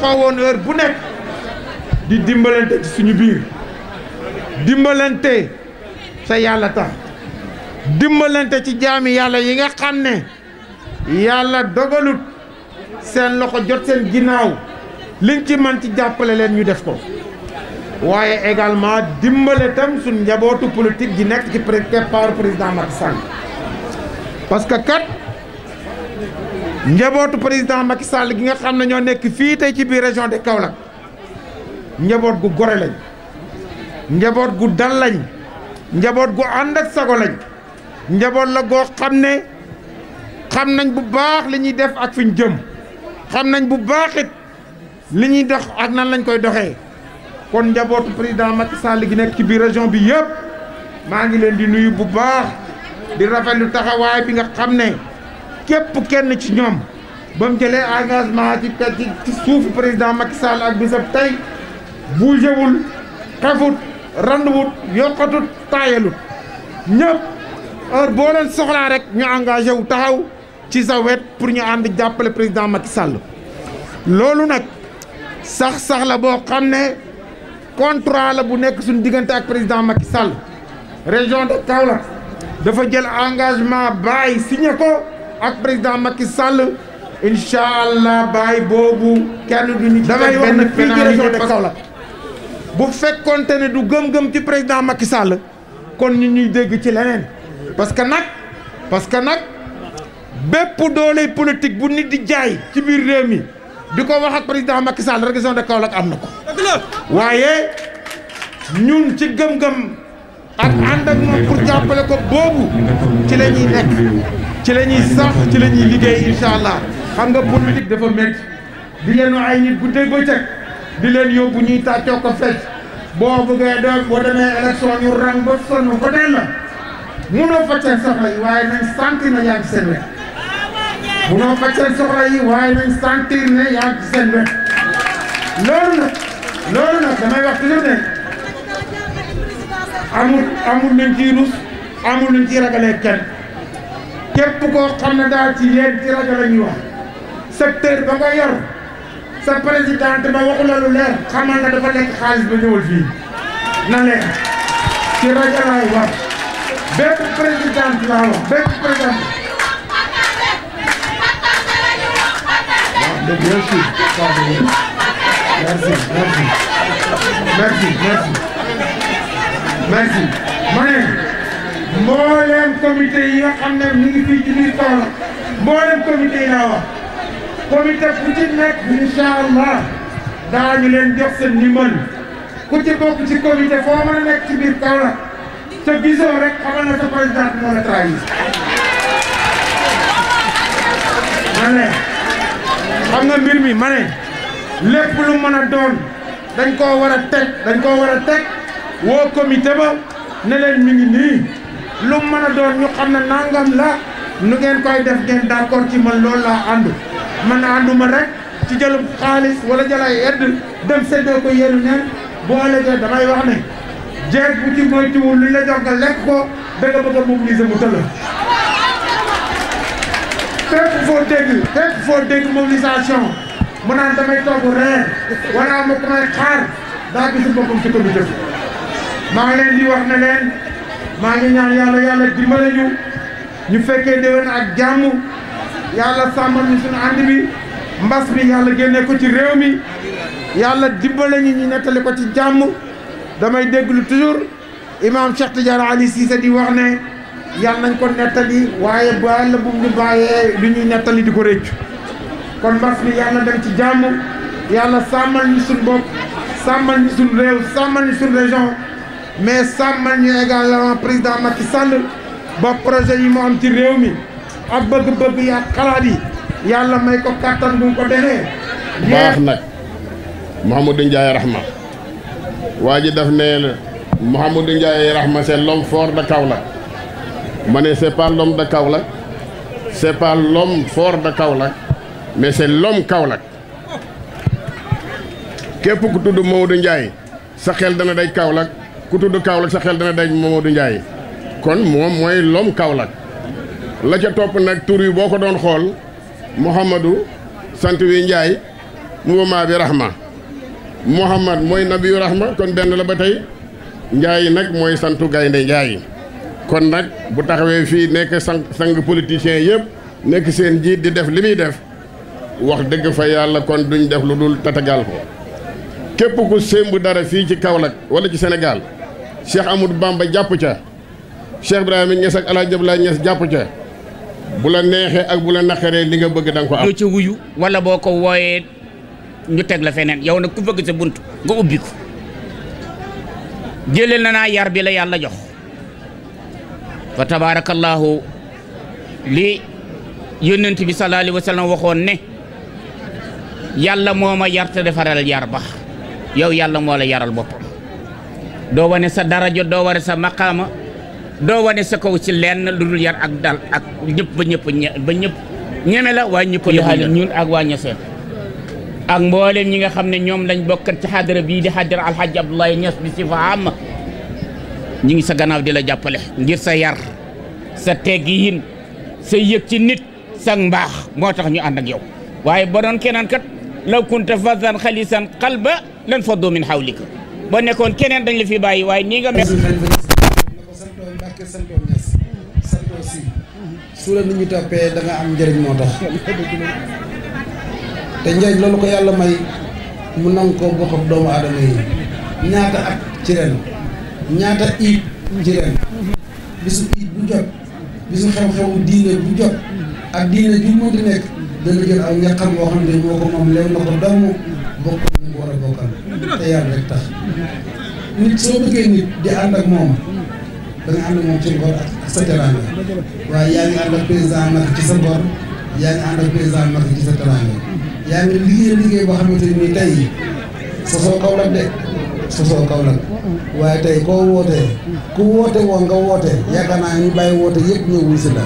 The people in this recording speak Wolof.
xawoon heure bu nekk di dimbalante ci suñu biir dimbalante sa yàlla tax dimbalante ci jaami yàlla yi nga xam yàlla dogalut seen loxo jot seen ginnaaw liñ ci man ci jàppale leen ñu def ko waaye également dimbale tam suñ njabootu politique ji nekk ci pré par président mat san parce kat njabootu président Macky Sall gi nga xamna ño nek fi tay ci bi région de Kaolack njabot gu goré lañ njabot gu dal lañ njabot gu and ak sago lañ njabot la go xamné xamnañ bu baax li def ak fi jëm xamnañ bu baaxit li dox ak nan lañ koy doxé kon njabootu président Macky Sall gi nek ci bi région bi yépp ma ngi leen di nuyu bu baax di rafetlu taxaway bi nga xamné képp kenn ci ñoom ba mu jëlee engagement ci kat ci suufu président Macky Sall ak bisab tey bougéwul xefut randuwut yokkatut taayalut ñëpp heure boo leen soxlaa rek ñu engagé wu taxaw ci sa wet pour ñu ànd jàppale président Macky Sall loolu nag sax sax la boo xam ne contrat la bu nekk suñu diggante ak président Macky Sall région de Kaolack dafa jël engagement bàyyi signé ko ak président Macky sàll incha allah baay boobu kenn duñu ñu damay wax ne fii ci région de Kaolack bu fekkonte ne du gëm-gëm ci président Macky Sall kon ñu ñuy dégg ci leneen parce que nag parce que nag bépp doole politique bu nit di jaay ci biir réew mi di ko wax ak président Macky Sall région de Kaolack am na ko waaye ñun ci gëm-gëm ak ànd ak moom pour jàppale ko boobu ci la nekk ci la ñuy sax ci la ñuy liggéey incha allah xam nga politique dafa métti di leen ay nit bu dégg bëccëg di leen yóbbu ñuy tàccoo ko fecc boo bëggee doon boo demee élection ñu rang ba sonn ko teel la munoo faj seen soxla yi waaye nañ sentir ne yaa ngi seen wet munoo faj seen soxla yi waaye nañ sentir ne yaa ngi seen wet loolu nag loolu nag ne amul amul nañ ciy rus amul nañ ciy ragalee kenn. képp koo xam ne daal ci yéen ci rajo la ñuy wax secteur ba nga yor sa présidente ba waxu la lu leer xamal na dafa lekk xaalis ba ñëwul fii na leer ci rajo laay wax bépp présidente laa wax bépp présidente. waaw dëgg merci merci merci merci merci merci ma ne. mbooleem comité yi nga xam ne ñu ngi fii ci biir Kaolack mbooleem comité yi laa wax comité ku ci nekk incha allah daañu leen jox seen ndimbal ku ci bokk ci foo mën a nekk ci biir Kaolack te gisoo rek xamal na sa président moo la trahi. ma ne xam nga mbir mi ma ne lépp lu mën a doon dañ koo war a teg dañ koo war a teg woo comité ba ne leen mi ngi nii. lu mën doon ñu xamna nangam la nu ngeen koy def ngeen d'accord ci man lool la ànd man ànduma rek ci jëlum xaaliss wala jëlay ay edd dem sédé ko yéenu neen boo légee damay wax ne jeeg bu ci moy ci moytuwul lu la jox ga lek ko da nga bëgg mobiliser mu tëll fépp fo dégg fépp fo dégg mobilisation mu naan damay togg reer wala ma ko may xaar daa gisu boppam ci comité bi maa ngi leen di wax ne leen maa ngi ñaan yàlla yàlla dimbale ñu ñu fekkee déwén ak jàmm yàlla sàmmal ñu suñu ànd bi mbas mi yàlla génne ko ci réew mi yàlla dimbale ñu ñu nettali ko ci jàmm damay déglu toujours imam Cheikh Tidiane Ali Cissé di wax ne yàlla nañ ko nettali waaye bu yàlla bu ñu bàyyee lu ñuy nettali di ko réccu kon mbas bi yàlla dem ci jàmm yàlla sàmmal ñu suñu bopp sàmmal ñu suñu réew sàmmal ñu suñu région mais sàmmal ñu également président Macky Sall ba projet yi mu am ci réew mi ak bëgg-bëgg yi ak xalaat yi yàlla may ko kàttan bu ko denee baax nag Mouhamadou Ndiaye Rahma waa ji daf ne Mouhamadou Ndiaye Rahma c'est l'homme fort de Kaolack ma ne c'est pas l'homme de Kaolack c'est pas l'homme fort de Kaolack mais c'est l'homme Kaolack képp ku tudd Maodo njaay sa xel dana day Kaolack ku tudd Kaolack sa xel dana daj du Ndiaye kon moom mooy l'homme Kaolack la ca topp nag tur yi boo ko doon xool Mouhamadou sant wi Ndiaye mouvement bi rahma Mouhamad mooy nabiyu rahma kon benn la ba tey njaay yi nag mooy santu gaynde Ndiaye kon nag bu taxawee fii nekk sang sang politiciens yëpp nekk seen jiit di def li muy def wax dëgg fa yàlla kon duñ def lu dul tatagal ko képp ku sémb dara fii ci Kaolack wala ci Sénégal Cheikh Amadou Bamba jàpp ca Cheikh Ibrahima Niass ak El Hadj jàpp ca bu la neexee ak bu la naqaree li nga bëgg da nga ko am. doo ci wuyu wala boo ko wooyee ñu teg la feneen yow nag ku bëgg sa bunt nga ubbi ko jëlee naa yar bi la yàlla jox fa tabaarakallaahu li yónnent bi sallallaahu alayhi wa waxoon ne yàlla moo ma yar te defaral yar ba yow yàlla moo la yaral boppam. doo wane sa daraja doo wane sa maqaama doo wane sa kaw ci lenn lu dul yar ak dal ak ñëpp ba ñëpp ñëpp ñeme la waaye ñëpp yëpp ñun ak waa ñeseen ak mboolem ñi nga xam ne ñoom lañ bokkat ci xadara bii di xadara alxaaji Abdoulaye Niass bi si fa am ñi ngi sa gannaaw di la jàppale ngir sa yar sa teggiin sa yëg ci nit sa mbaax moo tax ñu ànd ak yow waaye ba doon keneen kat law kunta fazzan xalisan qalba lan faddu min hawlika bo nekkon keneen dañ la fi bayyi way ni nga mel. sulu la nit ñi toppee da nga am njëriñ moo tax te njëriñ loolu ko yalla may mu nang ko bokk ak doomu aadama yi ñaata ak ci ren ñaata iit ci ren bisu iit bu jot bisu xam xewu diine bu jot ak diine ju mënti nekk dana jël aw ñaqam woo xam ne moo ko moom lew na ko doomu bokk ñu war a bokkal te yàlla rek tax nit soo bëggee nit di ànd ak moom da ànd moom ci ngor ak sa teraanga waaye yaa ngi ànd ak président Macky ci sa ngor yaa ngi ànd sa teraanga yaa ngi liggéey liggéey boo xamante ni tey sosoo Kaolack de sosoo Kaolack waaye tey koo wootee ku woote woon nga woote yaakaar naa ñu bàyyi woote yëpp ñëw wuyu si la.